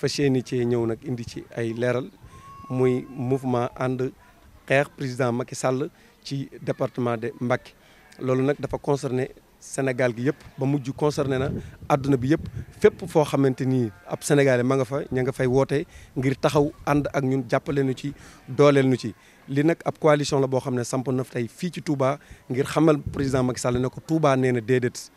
fas yéene cee ñëw nag indi ci ay leeral muy mouvement ànd xeex président Macky sàll ci département de Mbacké loolu nag dafa concerné Sénégal gi yëpp ba mujj concerné na àdduna bi yëpp fépp foo xamante ni ab sénégalais ma nga fa ña nga fay woote ngir taxaw ànd ak ñun jàppale nu ci dooleel nu ci. li nag ab coalition la boo xam ne samp na tey fii ci Touba ngir xamal président Macky Sall ne ko Touba nee na déedéet.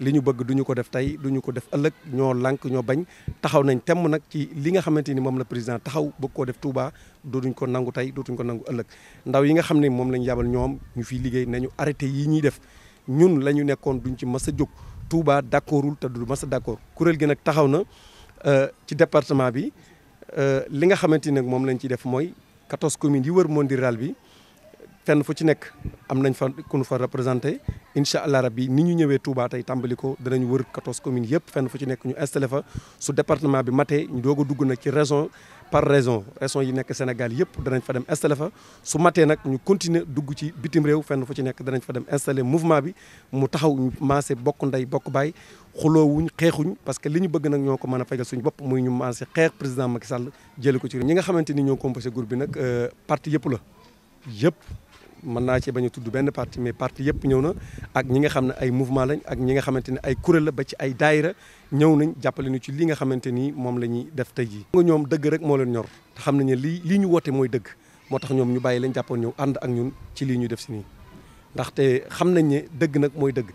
li ñu bëgg du ñu ko def tey du ñu ko def ëllëg ñoo lank ñoo bañ taxaw nañ temm nag ci li nga xamante ni moom la président taxaw bëgg koo def Touba dootuñ ko nangu tey dootuñ ko nangu ëllëg ndaw yi nga xam ne moom lañ yabal ñoom ñu fiy liggéey nañu arrêté yi ñuy def ñun la ñu nekkoon duñ ci mas a jóg Touba d'accordul te du mas a d'accord kuréel gi nag taxaw na euh, ci département bi euh, li nga xamante ni nag moom lañ ci def mooy 14 commune yi wër monde rural bi fenn fu ci nekk am nañ fa ku fa représenté incha allah rabbi ni ñu ñëwee Touba tey tàmbali ko danañ wër 14 communes yëpp fenn fu ci nekk ñu installé fa su département bi matee ñu doog dugg nag ci région par région région yi nekk Sénégal yëpp danañ fa dem installé fa su matee nag ñu continuer dugg ci bitim réew fenn fu ci nekk danañ fa dem installé mouvement bi mu taxaw ñu maase bokk ndey bokk baay xuloowuñ xeexuñ parce que li ñu bëgg nag ñoo ko mën a fajal suñu bopp muy ñu maase xeex président Macky Sall jëli ko ci ñi nga xamante ni ñoo composé groupe euh, parti yëpp la yëpp mën naa ci bañ tudd benn parti mais parti yëpp ñëw na ak ñi nga xam ne ay mouvement lañ ak ñi nga xamante ni ay kuréel la ba ci ay daayira ñëw nañ jàppale ñu ci li nga xamante ni moom la ñuy def tey jii. ñoom dëgg rek moo leen ñor te xam nañ ne lii lii ñu woote mooy dëgg moo tax ñoom ñu bàyyi leen jàppoon ñëw ànd ak ñun ci lii ñuy def si nii ndaxte xam nañ ne dëgg nag mooy dëgg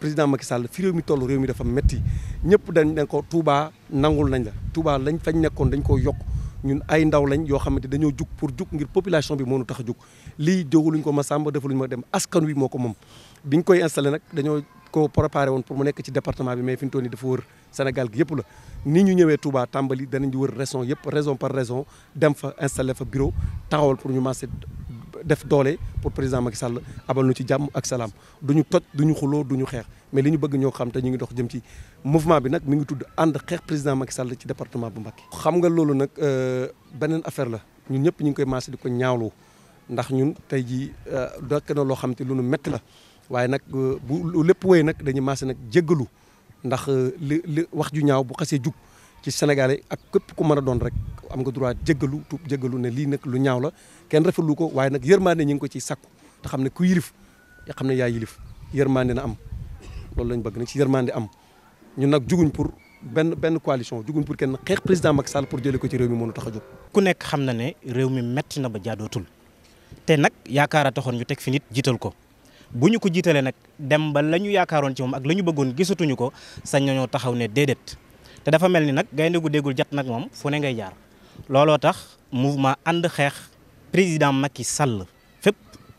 président Macky Sall fi réew mi toll réew mi dafa metti ñëpp dañ ne ko Touba nangul nañ la Touba lañ fañ nekkoon dañ ko yokk ñun ay ndaw lañ yoo xamante dañoo jug pour jug ngir population bi moo nu tax a jug lii jógaluñ ko ma sàmba defaluñ ma dem askan wi moo ko moom biñ koy installé nag dañoo ko préparé woon pour mu nekk ci département bi mais fi mu toll nii dafa wër Sénégal gi yëpp la ni ñu ñëwee Touba tàmbali danañ war raison yëpp raison par raison dem fa installé fa bureau taxawal pour ñu marché def doole pour président Macky Sall abal nu ci jàmm ak salaam du ñu toj du ñu xuloo du ñu xeex mais li ñu bëgg ñoo xam te ñu ngi dox jëm ci mouvement bi nag mi ngi tudd ànd xeex président Macky Sall ci département bu Mbacké. xam nga loolu nag euh, beneen affaire la ñun ñëpp ñu ngi koy maase di ko ñaawlu ndax ñun tey jii euh, dakk na loo xam te lu nu métti la waaye nag euh, bu lépp wéy nag dañuy maase nag jéggalu ndax li li wax ju ñaaw bu xasee jug. ci sénégalais ak képp ku mën a doon rek am nga droit jëggalu tuub jéggalu ne lii nag lu ñaaw la kenn rafetlu ko waaye nag yërmaande ñu ngi ko ciy sakku te xam ne ku yilif ya xam ne yaa yilif yërmaande na am loolu lañ bëgg na ci yërmaande am ñu nag juguñ pour benn benn coalition juguñ pour kenn xeex président Macky Sall pour jëlee ko ci réew mi mënu tax a jóg ku nekk xam na ne réew mi metti na ba jaadootul te nag yaakaar a taxoon ñu teg fi nit jiital ko bu ñu ko jiitalee nag dem ba la ñu yaakaaroon ci moom ak la ñu bëggoon gisatuñu ko sañ nañoo taxaw ne déedéet te dafa mel ni nag gaynde gu déggul jat nag moom fu ne ngay jaar looloo tax mouvement ànd xeex président Macky Sall fépp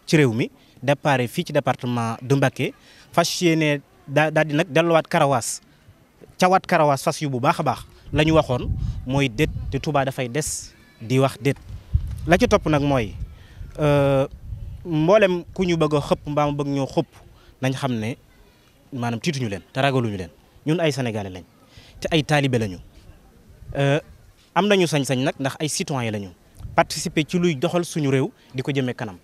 ci réew mi départ fii ci département de Mbacké fas yéene daa daal di nag delluwaat karawaas cawaat karawaas fas yu bu baax a baax la ñu waxoon mooy déet te tubaa dafay des di wax déet la ci topp nag mooy euh, mboolem ku ñu bëggoo xëpp mbaa mu bëgg ñoo xëpp nañ xam ne maanaam tiituñu leen te ragaluñu leen ñun ay sénégalais lañ te ay taalibe lañu euh, am nañu sañ-sañ nag ndax ay citoyen lañu participer ci luy doxal suñu réew di ko jëmee kanam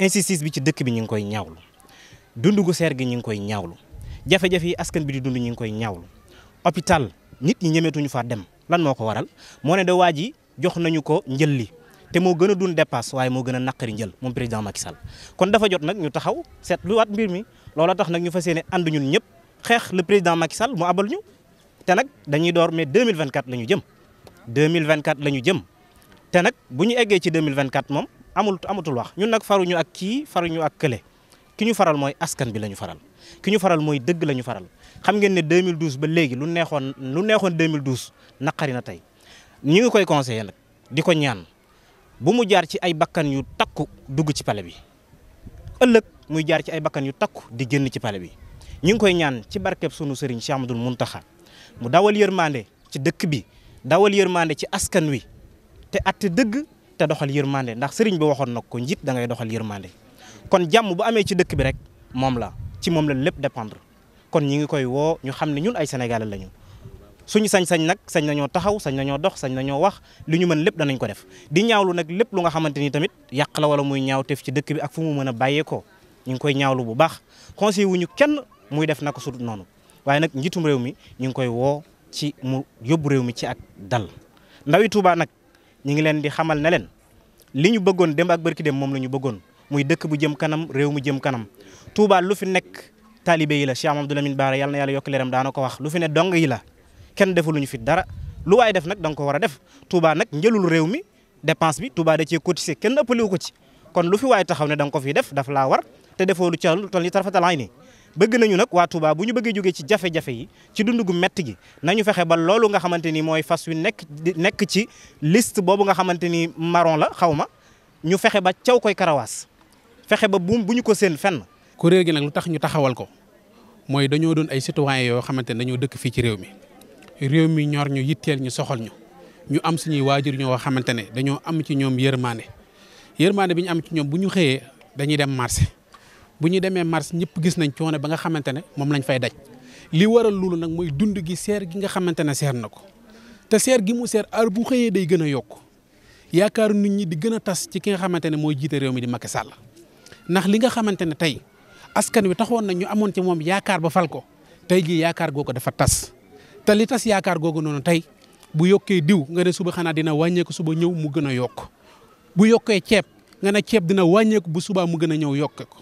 injustice bi ci dëkk bi ñu ngi koy ñaawlu dund gu seer gi ñu ngi koy ñaawlu jafe-jafe yi askan bi di dund ñu ngi koy ñaawlu hôpital nit ñi ñemeetuñu faa dem lan moo ko waral moo ne da waa ji jox nañu ko njël li te moo gën a dund dépasse waaye moo gën a naqari njël moom président Macky Sall kon dafa jot nag ñu taxaw seetluwaat mbir mi loola tax nag ñu fas yéene ànd ñun ñëpp xeex le président Macky Sall mu abal ñu te nag dañuy door mais 2024 la ñu jëm 2024 la ñu jëm te nag bu ñu eggee ci 2024 moom amul amatul wax ñu nag faruñu ak kii faruñu ak kële ki ñu faral mooy askan bi la ñu faral ki ñu faral mooy dëgg lañu faral xam ngeen ne 2012 ba léegi lu neexoon lu neexoon 2012 naqari na tey ñu ngi koy conseiller nag di ko ñaan bu mu jaar ci ay bakkan yu takku dugg ci pale bi ëllëg muy jaar ci ay bakkan yu takku di génn ci pale bi ñu ngi koy ñaan ci barkeb sunu sëriñ Cheikh Amadou Mountakha mu dawal yërmande ci dëkk bi dawal yërmande ci askan wi te atte dëgg te doxal yërmande ndax sëriñ bi waxoon nag ko njiit da ngay doxal yërmande kon jàmm bu amee ci dëkk bi rek moom la ci moom la lépp dépendre kon ñi ngi koy woo ñu xam ne ñun ay sénégalais lañu suñu sañ-sañ nag sañ nañoo taxaw sañ na ñoo dox sañ na ñoo wax lu ñu mën lépp danañ ko def di ñaawlu nag lépp lu nga xamante ni tamit yàq la wala muy ñaawteef ci dëkk bi ak fu mu mën a bàyyeekoo ñu ngi koy ñaawlu bu baax conseil wuñu kenn muy def naka su dul noonu waaye nag njitum réew mi ñu ngi koy woo ci mu yóbbu réew mi ci ak dal ndawi Touba nag ñu ngi leen di xamal ne leen li ñu bëggoon dem ak bërki dem moom la ñu bëggoon muy dëkk bu jëm kanam réew mu jëm kanam Touba lu fi nekk taalibe yi la Cheikh Amadou Lamine Bara yàlla yàlla yokk leeram daana ko wax lu fi ne dong yi la kenn defuluñu fi dara lu waaye def nag dang ko war a def Touba nag njëlul réew mi dépense bi Touba da cee cotisé kenn ëppaliwu ko ci kon lu fi waa taxaw ne da nga ko def daf laa war te defoo lu ca lu toll ni bëgg nañu nag waa Touba bu ñu bëggee jógee ci jafe-jafe yi ci dund gu metti gi nañu fexe ba loolu nga xamante ni mooy fas wi nekk nekk ci list boobu nga xamante ni marron la xaw ma ñu fexe ba caw koy karawaas fexe ba buum bu ñu ko seen fenn. kuréel gi nag lu tax ñu taxawal ko mooy dañoo doon ay citoyen yoo xamante ne dañoo dëkk fii ci réew mi réew mi ñor ñu yitteel ñu soxal ñu ñu am suñuy waajur ñoo xamante ne dañoo am ci ñoom yërmaane yërmaane bi ñu am ci ñoom bu ñu xëyee dañuy dem marché. bu ñu demee mars ñëpp gis nañ coono ba nga xamante ne moom lañ fay daj li waral loolu nag mooy dund gi seer gi nga xamante ne seer na ko te seer gi mu seer ar bu xëyee day gën a yokku yaakaar nit ñi di gën a tas ci ki nga xamante ne mooy jiite réew mi di Macky ndax li nga xamante ne tey askan wi taxoon na ñu amoon ci moom yaakaar ba fal ko tey jii yaakaar googu dafa tas te li tas yaakaar googu noonu tey bu yokkee diw nga ne suba xanaa dina wàññeeku suba ñëw mu gën a yokk bu yokkee ceeb nga ne ceeb dina wàññeeku bu subaa mu gën a ñëw yokk ko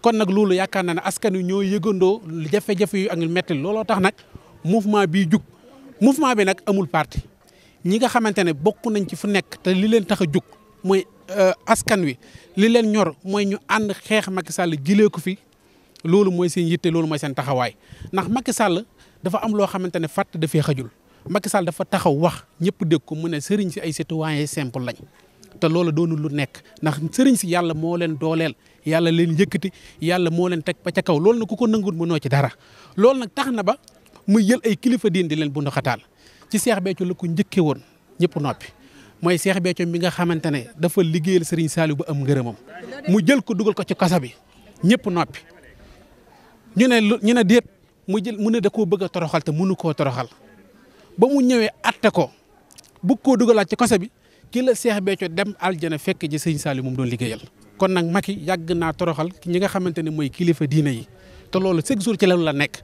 kon nag loolu yaakaar naa ne askan wi ñoo yëgandoo jafe-jafe yu ak metti looloo tax nag mouvement bii jug mouvement bi nag amul parti ñi nga xamante ne bokk nañ ci fu nekk te li leen tax a jug mooy euh, askan wi li leen ñor mooy ñu ànd xeex Macky sàll jëlee ko fi loolu mooy seen yitte loolu mooy seen taxawaay ndax Macky sàll dafa am loo xamante ne fàtt dafee xajul Macky Sall dafa taxaw wax ñëpp dégg ko mu ne sëriñ si ay citoyen simple lañ te loolu doonul nekk ndax sëriñ si yàlla moo leen dooleel yàlla leen yëkkati yàlla moo leen teg ba ca kaw loolu nag ku ko nanguwut mënoo ci dara loolu nag tax na ba muy jël ay kilifa diin di leen bu ndoxataal ci Cheikh Béthio la ko njëkkee woon ñëpp noppi mooy seex Béthio mi nga xamante ne dafa liggéeyal Serigne Saliou ba am ngërëmam mu jël ko dugal ko ci kasa bi ñëpp noppi ñu ne ñu ne déet mu jël mu ne da koo bëgg a toroxal te mënu koo toroxal ba mu ñëwee atte ko bëgg koo dugalaat ci kasa bi ki la Seex Béthio dem aljana fekk ji sëñ Saliou moom doon liggéeyal kon nag Macky yàgg naa toroxal ñi nga xamante ne mooy kilifa diine yi te loolu chaque jour ci loolu la nekk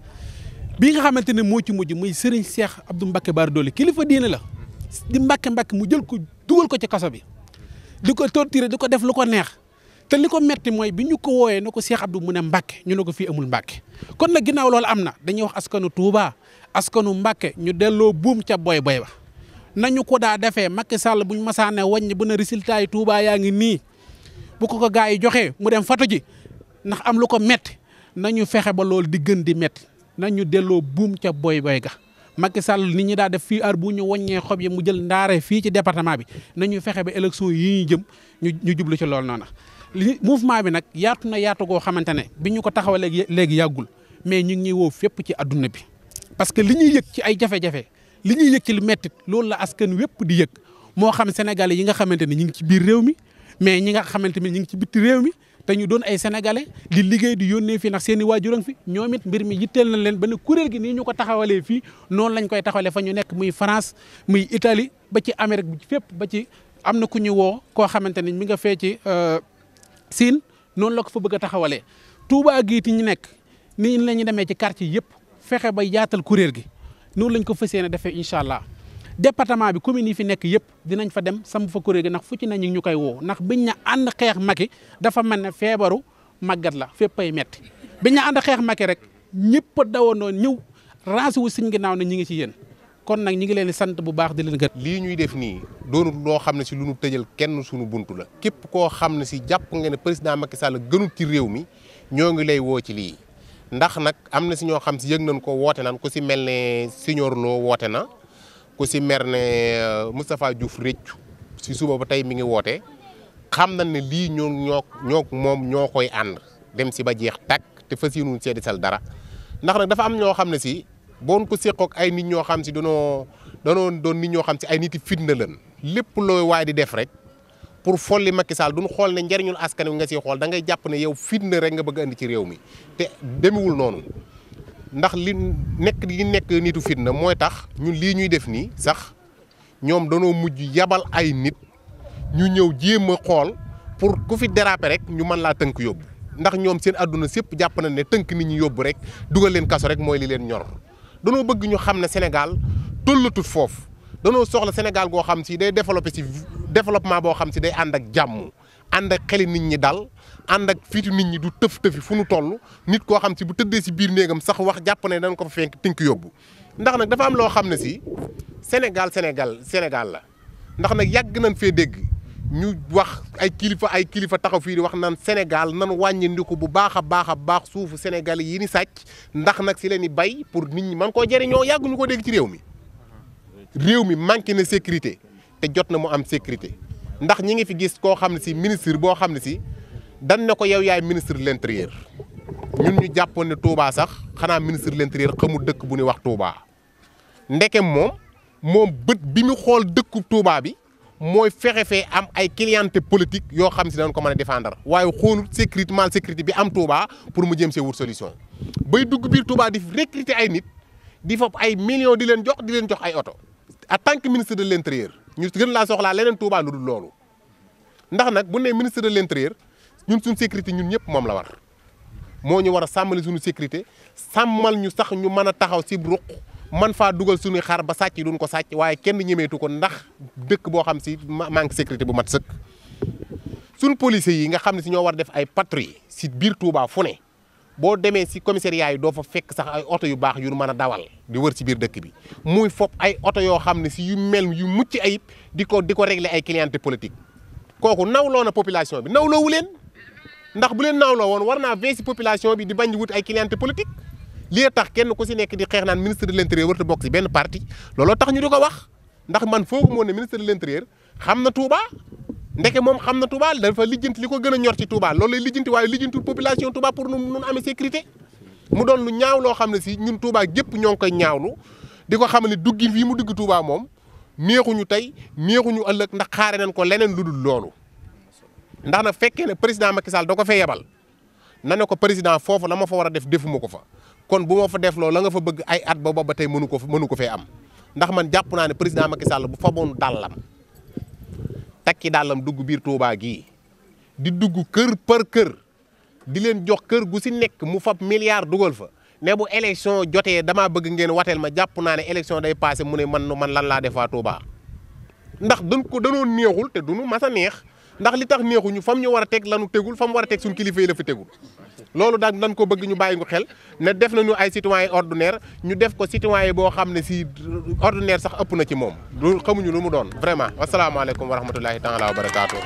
bi nga xamante ne moo ci mujj muy sëriñ Seex Abdou Mbacké Bara Dolly kilifa diine la di Mbacké Mbacké mu jël ko dugal ko ci kaso bi di ko torturer di ko def lu ko neex te li ko metti mooy bi ñu ko wooyee ne ko Seex du mu ne Mbacké ñu ne ko fii amul Mbacké kon na ginnaaw loolu am na dañuy wax askanu Touba askanu Mbacké ñu delloo buum ca boy boy ba nañu ko daa defee Macky Sall ñu masaanee wàññi bu ne résultat yi Touba yaa ngi nii bu ko ko gars yi joxee mu dem fatu ji ndax am lu ko metti nañu fexe ba loolu di gën di metti nañu delloo buum ca boy boy ga Macky Sall nit ñi daa def fii ar bu ñu wàññee xob yi mu jël ndaare fii ci département bi nañu fexe ba élection yi ñu jëm ñu ñu jublu ci loolu noonu li mouvement bi nag yaatu na yaatu goo xamante ne bi ñu ko taxaw léegi léegi yàggul mais ñu ngi ñuy woo fépp ci adduna bi parce que li ñuy yëg ci ay jafe li ñuy yëg ci li mettit loolu la askan wépp di yëg moo xam sénégalais yi nga xamante ni ñu ngi ci biir réew mi mais ñi nga xamante ni ñu ngi ci bitti réew mi te doon ay sénégalais di liggéey di yónnee fii ndax seen i waajur fi ñoom it mbir mi yitteel nañ leen ba ne kuréel gi nii ñu ko taxawalee fii noonu lañ koy taxawalee fa ñu nekk muy France muy itali ba ci Amérique bi fépp ba ci am na ku ñu woo koo xamante ni mi nga fee ci euh, Siin noonu la ko fa bëgg a taxawalee Touba gii ti ñu nekk nii la ñu demee ci quartier yëpp fexe ba yaatal kuréel gi. noonu lañ ko fas ne defee incha allah département bi commune yi fi nekk yëpp dinañ fa dem samp fa kuréel gi ndax fu ci nañu ñu koy woo ndax biñ na ànd xeex Macky dafa mel ne feebaru màggat la fépp ay metti biñ na ànd xeex Macky rek ñëpp dawoon dawandoo ñëw raasi wu ngi ginnaaw ne ñu ngi ci yéen kon nag ñu ngi leen di sant bu baax di leen gët lii ñuy def nii doonul loo xam ne si lu nu tëjël kenn sunu buntu la képp koo xam ne si jàpp nga ne président Macky Sall gënul ci réew mi ñoo ngi lay woo ci lii ndax nag am na si ñoo xam si yëg nañ ko woote nan ku si mel ne Signor Lo woote na ku si mer ne euh, Moustapha Diouf réccu si suba ba tey mi ngi woote xam na ne lii ñoo ñoo ñoo moom ñoo koy ànd dem si ba jeex takk te fa fas yéenuñ see sal dara ndax nag dafa am ñoo xam ne si boon ko séqoog ay nit ñoo xam si danoo danoo doon nit ñoo xam si ay nit yi fitna leen lépp looy waay di def rek. pour folli Macky Sall duñ xool ne njariñul askan wi nga siy xool dangay jàpp ne yow fitna rek nga bëgg andi ci réew mi te demewul noonu ndax li nekk li nekk nitu fitna mooy tax ñun lii ñuy def nii sax ñoom danoo mujj yabal ay nit ñu ñëw jéem a xool pour ku fi déraper rek ñu mën laa tënk yóbbu ndax ñoom seen àdduna sépp jàpp na ne tënk nit ñi yóbbu rek dugal leen kaso rek mooy li leen ñor danoo bëgg ñu xam ne Sénégal tollatut foofu danoo soxla Sénégal goo xam si day développé si développement boo xam si day ànd ak jàmm ànd ak xeli nit ñi dal ànd ak fiitu nit ñi du tëf tëfi fu nu toll nit koo xam si bu tëddee si biir néegam sax wax jàpp ne dañ ko fa fenk tënk yóbbu ndax nag dafa am loo xam ne si Sénégal Sénégal Sénégal la ndax nag yàgg nañ fee dégg ñu wax ay kilifa ay kilifa taxaw fii di wax naan Sénégal nan wàññandiku bu baax a baax a baax suufu Sénégal yi ni sàcc ndax nag si leen di bay pour nit ñi mën koo jëriñoo yàgguñu ko dégg ci réew mi réew mi manqué na sécurité te jot na mu am sécurité ndax ñi ngi fi gis koo xam ne si ministre boo xam ne si dan na ko yow yaay ministre de ñun ñu jàppoon ne Touba sax xanaa ministre de l'intérieur xamul dëkk bu ñuy wax Touba ndekem moom moom bët bi mu xool dëkku Touba bi mooy fexe fee am ay cliente politique yoo xam si dañ ko mën a défendre waaye xoolul sécurité mal sécurité bi am Touba pour mu jëm see wut solution bay dugg biir Touba di recruter ay nit di fop ay millions di jox di leen jox ay oto en tant que ministre de l' intérieur ñu gën laa soxlaa leneen Touba lu dul loolu ndax nag bu ne ministre de l' intérieur ñun suñ sécurité ñu ñëpp moom la war moo ñu war a sàmmali suñu sécurité sàmmal ñu sax ñu mën a taxaw si ruq man faa dugal suñuy xaar ba sàcc duñ ko sàcc waaye kenn ñemeetu ko ndax dëkk boo xam si manque sécurité bu mat sëkk. suñu policiers yi nga xam ne si ñoo war def ay patrouille si biir Touba fu ne. boo demee si commissariat yi doo fa fekk sax ay oto yu baax yu mën a dawal di wër si biir dëkk bi muy fopp ay oto yoo xam ne si yu mel yu mucc ayib di ko di ko régler ay clientèle politique kooku nawloo na population bi nawloo wu leen ndax bu leen nawloo woon war naa veiller si population bi di bañ wut ay clientèle politique lii tax kenn ku si nekk di xeex naan ministre de l'intérieur warta bokk si benn parti looloo tax ñu di ko wax ndax man foogu moo ne ministre de l'intérieur xam na Touba ndeke moom xam na Touba dafa lijjanti li ko gën a ñor ci Touba loolu lay lijjanti waaye lijjanti population Touba pour nu mun sécurité mu doon lu ñaaw loo xam ne si ñun Touba gépp ñoo ngi koy ñaawlu di ko xam ne duggin fii mu dugg Touba moom neexuñu tey neexuñu ëllëg ndax xaare nañ ko leneen lu dul loolu ndax nag fekkee ne président Macky Sall da ko fee yebal na ne ko président foofu la moo fa war a def defuma ko fa kon bu ma fa def loolu la nga fa bëgg ay at ba ba tey mënu ko mënu ko fee am ndax man jàpp naa ne président Macky Sall bu fa boon dàllam takki daal dàllam dugg biir tuubaa gii di dugg kër par kër di leen jox kër gu si nekk mu fab milliard dugal fa ne bu élection jotee damaa bëgg ngeen wateel ma jàpp naa ne élection day passé mu ne man man lan laa def waa ndax dañ ko danoo neexul te duñu mas a neex ndax li tax neexuñu fam ñu war a teg lanu tegul mu war a teg suñu kilifa yi la fi tegul loolu daal nan ko bëgg ñu bàyyi ngu xel ne def nañu ay citoyen ordinaire ñu def ko yi boo xam ne si ordinaire sax ëpp na ci moom lu xamuñu lu mu doon vraiment wasalaamaaleykum wa rahmatulahi taala wa barakaatu